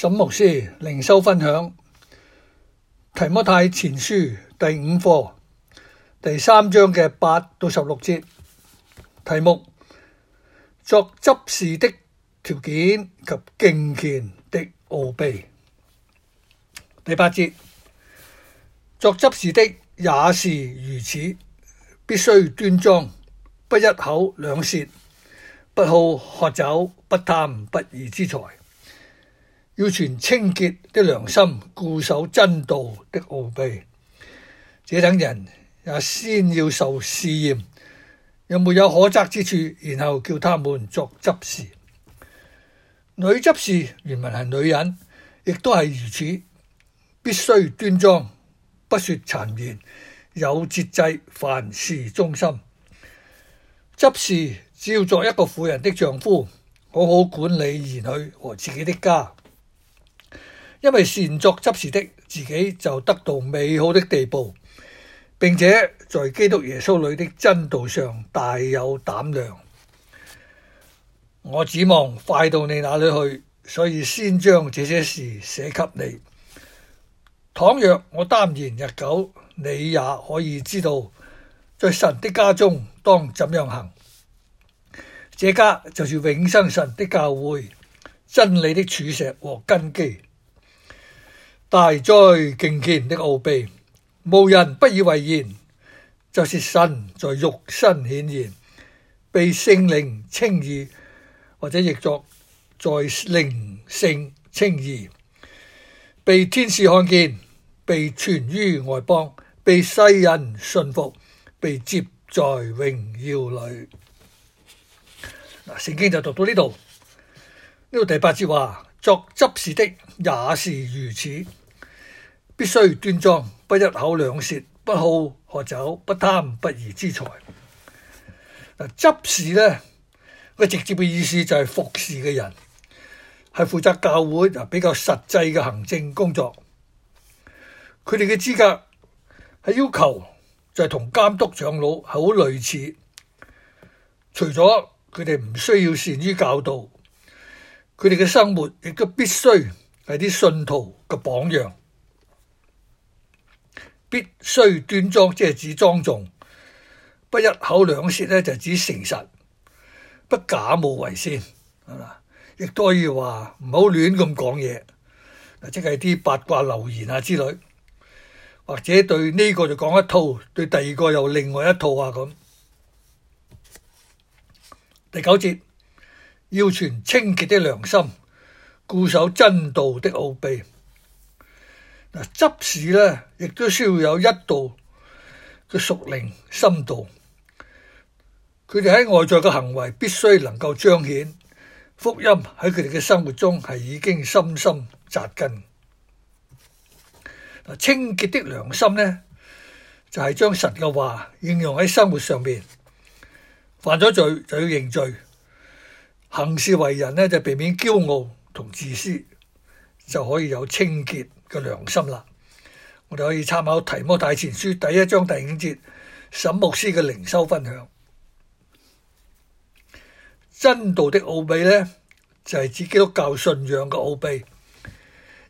沈牧師靈修分享《提摩太前書》第五課第三章嘅八到十六節，題目：作執事的條件及敬虔的奧秘。第八節，作執事的也是如此，必須端莊，不一口兩舌，不好喝酒，不貪不義之財。要存清潔的良心，固守真道的奧祕。這等人也先要受試驗，若沒有可責之處，然後叫他們作執事。女執事原文係女人，亦都係如此，必須端莊，不說讒言，有節制，凡事忠心。執事只要作一個婦人的丈夫，好好管理兒女和自己的家。因為善作執事的自己就得到美好的地步，並且在基督耶穌裏的真道上大有膽量。我指望快到你那裏去，所以先將這些事寫給你。倘若我耽延日久，你也可以知道在神的家中當怎樣行。這家就是永生神的教會，真理的柱石和根基。大哉敬虔的奧秘，無人不以為然，就是神在肉身顯現，被聖靈稱義，或者譯作在靈性稱義，被天使看見，被傳於外邦，被世人信服，被接在榮耀裏。聖經就讀到呢度，呢度第八節話，作執事的也是如此。必須端莊，不一口兩舌，不好喝酒，不貪不義之財。嗱，執事呢個直接嘅意思就係服侍嘅人，係負責教會比較實際嘅行政工作。佢哋嘅資格係要求就係同監督長老係好類似，除咗佢哋唔需要善於教導，佢哋嘅生活亦都必須係啲信徒嘅榜樣。必須端莊，即係指莊重；不一口兩舌呢就指誠實；不假冒為先，亦都可以話唔好亂咁講嘢，即係啲八卦流言啊之類，或者對呢個就講一套，對第二個又另外一套啊咁。第九節要存清潔的良心，固守真道的奧秘。執事呢亦都需要有一定嘅屬靈深度，佢哋喺外在嘅行為必須能夠彰顯福音喺佢哋嘅生活中係已經深深紮根。清潔的良心呢，就係將神嘅話應用喺生活上面。犯咗罪就要認罪，行事為人呢，就避免驕傲同自私，就可以有清潔良心啦，我哋可以參考《提摩太前書》第一章第五節，沈牧師嘅靈修分享。真道的奧秘呢，就係指基督教信仰嘅奧秘，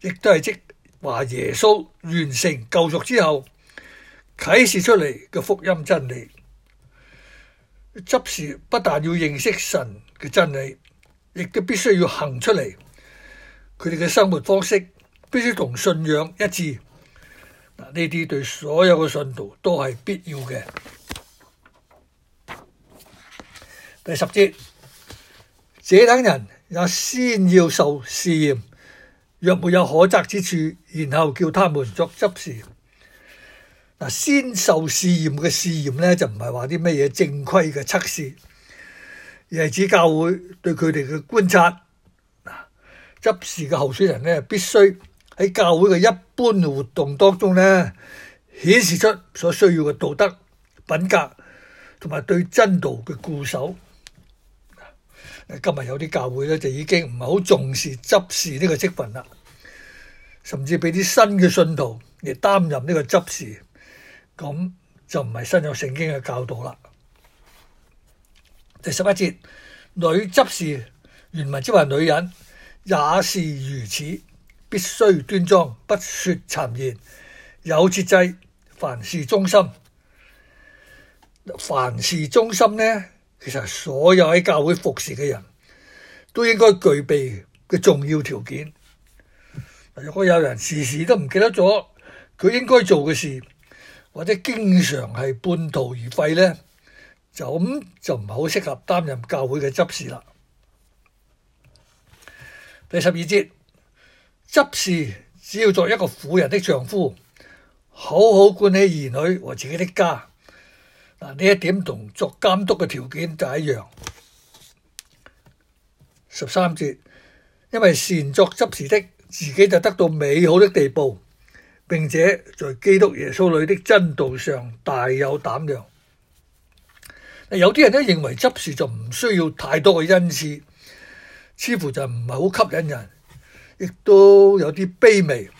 亦都係即話耶穌完成救贖之後啟示出嚟嘅福音真理。執事不但要認識神嘅真理，亦都必須要行出嚟，佢哋嘅生活方式。必須同信仰一致。呢啲對所有嘅信徒都係必要嘅。第十節，這等人也先要受試驗，若沒有可責之處，然後叫他們作執事。先受試驗嘅試驗呢，就唔係話啲咩嘢正規嘅測試，而係指教會對佢哋嘅觀察。執事嘅候選人呢，必須。喺教會嘅一般活動當中咧，顯示出所需要嘅道德品格同埋對真道嘅固守。今日有啲教會咧就已經唔係好重視執事呢個職份啦，甚至俾啲新嘅信徒嚟擔任呢個執事，咁就唔係身有聖經嘅教導啦。第十一節，女執事原文即係女人也是如此。必須端莊，不說讒言，有節制，凡事忠心。凡事忠心呢，其實所有喺教會服侍嘅人都應該具備嘅重要條件。如果有人時時都唔記得咗佢應該做嘅事，或者經常係半途而廢呢，就咁就唔係好適合擔任教會嘅執事啦。第十二節。執事只要作一個婦人的丈夫，好好管理兒女和自己的家。嗱，呢一點同作監督嘅條件就一樣。十三節，因為善作執事的，自己就得到美好的地步，並且在基督耶穌裏的真道上大有膽量。有啲人都認為執事就唔需要太多嘅恩賜，似乎就唔係好吸引人。亦都有啲卑微，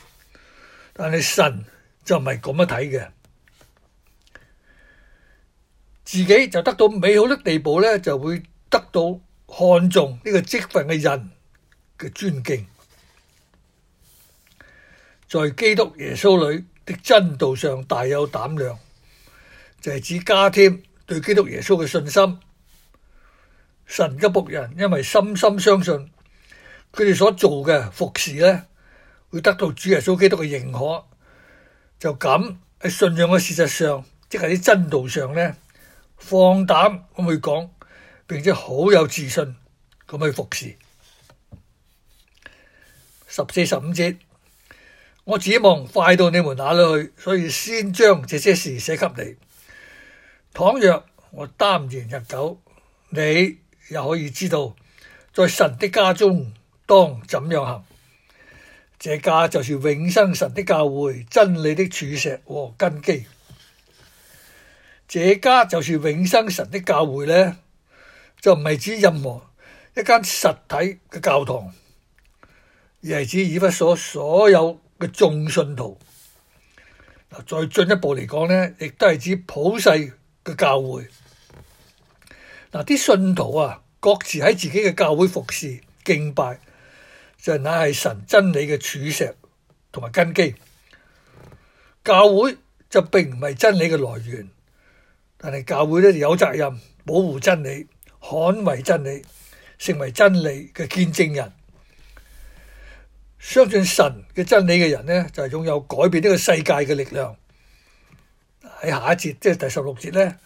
但係神就唔係咁樣睇嘅。自己就得到美好的地步呢，就會得到看重呢個職份嘅人嘅尊敬，在基督耶穌裏的真道上大有膽量，就係指加添對基督耶穌嘅信心。神嘅僕人，因為深深相信。佢哋所做嘅服侍咧，會得到主耶穌基督嘅認可，就咁喺信仰嘅事實上，即係啲真道上咧，放膽咁去講，並且好有自信咁去服侍。十四十五節我指望快到你們那裏去，所以先將這些事寫給你。倘若我耽延日久，你又可以知道，在神的家中。當怎樣行？這家就是永生神的教會，真理的柱石和根基。這家就是永生神的教會呢，就唔係指任何一間實體嘅教堂，而係指以弗所所有嘅眾信徒。嗱，再進一步嚟講呢，亦都係指普世嘅教會。嗱，啲信徒啊，各自喺自己嘅教會服侍、敬拜。就是、乃係神真理嘅柱石同埋根基，教會就並唔係真理嘅來源，但係教會呢就有責任保護真理、捍衛真理、成為真理嘅見證人。相信神嘅真理嘅人呢，就係擁有改變呢個世界嘅力量。喺下一節，即係第十六節呢，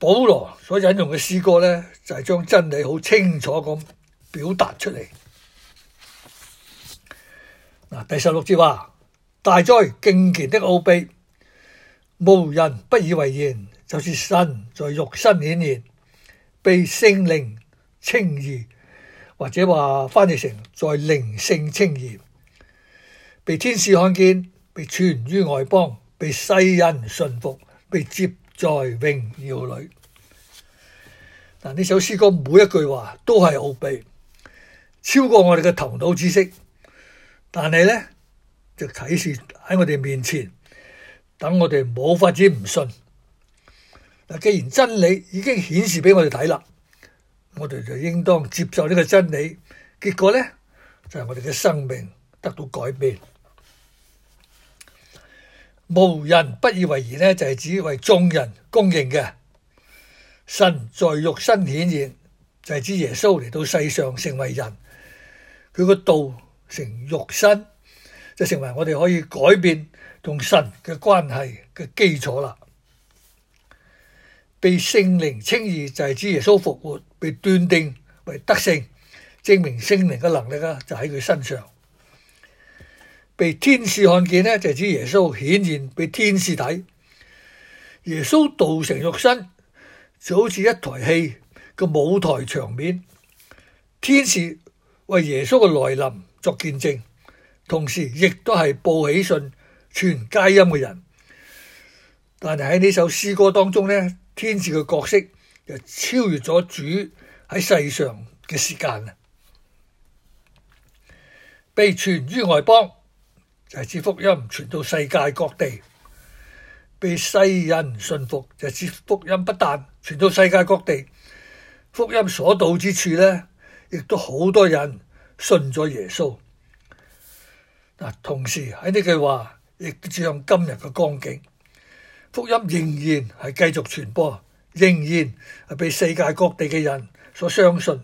保羅所引用嘅詩歌呢，就係將真理好清楚咁表達出嚟。第十六節話，大哉，敬虔的奧秘，無人不以為然，就是神在肉身顯現，被聖靈稱義，或者話翻譯成在靈性稱義，被天使看見，被傳於外邦，被世人信服，被接在榮耀裏。嗱，呢首詩歌每一句話都係奧秘，超過我哋嘅頭腦知識。但係咧，就啟示喺我哋面前，等我哋冇法子唔信。嗱，既然真理已經顯示俾我哋睇啦，我哋就應當接受呢個真理。結果咧，就係、是、我哋嘅生命得到改變。無人不以為然咧，就係指為眾人公認嘅神在肉身顯現，就係、是、指耶穌嚟到世上成為人，佢個道。成肉身，就成為我哋可以改變同神嘅關係嘅基礎啦。被聖靈稱義就係指耶穌復活，被斷定為得勝證明聖靈嘅能力啦，就喺佢身上。被天使看見呢就係指耶穌顯現俾天使睇。耶穌道成肉身就好似一台戲嘅舞台場面，天使為耶穌嘅來臨。作見證，同時亦都係報喜信，傳佳音嘅人。但係喺呢首詩歌當中呢，天使嘅角色就超越咗主喺世上嘅時間。被傳於外邦，就係指福音傳到世界各地；被世人信服，就係指福音不但傳到世界各地，福音所到之處呢，亦都好多人。信咗耶穌嗱，同時喺呢句話亦像今日嘅光景，福音仍然係繼續傳播，仍然係被世界各地嘅人所相信。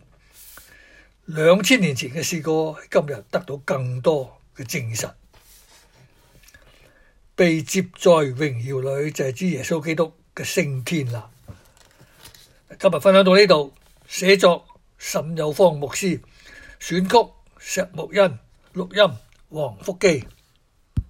兩千年前嘅事過，今日得到更多嘅證實，被接在榮耀裏就係指耶穌基督嘅升天啦。今日分享到呢度，寫作沈有方牧師。選曲：石木恩，錄音，王福記。